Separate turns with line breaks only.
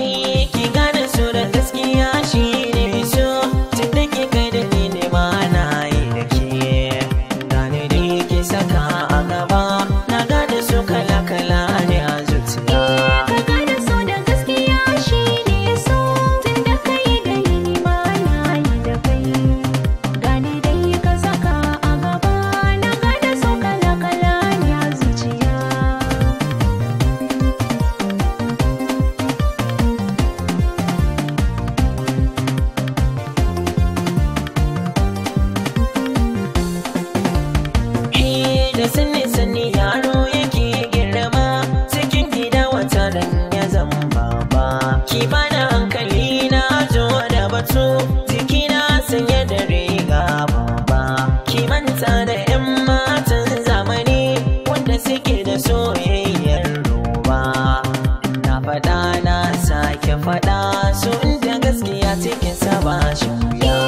Thank you. sani yaro yake girma cikin gida wata dan ya zama baba ki bana hankali na ajo da batu jikina sanye da riga baba ki manta da yan matan zamani wanda suke da soyayyar roba na faɗa na sake faɗa su inda gaskiya cikin sabashin ya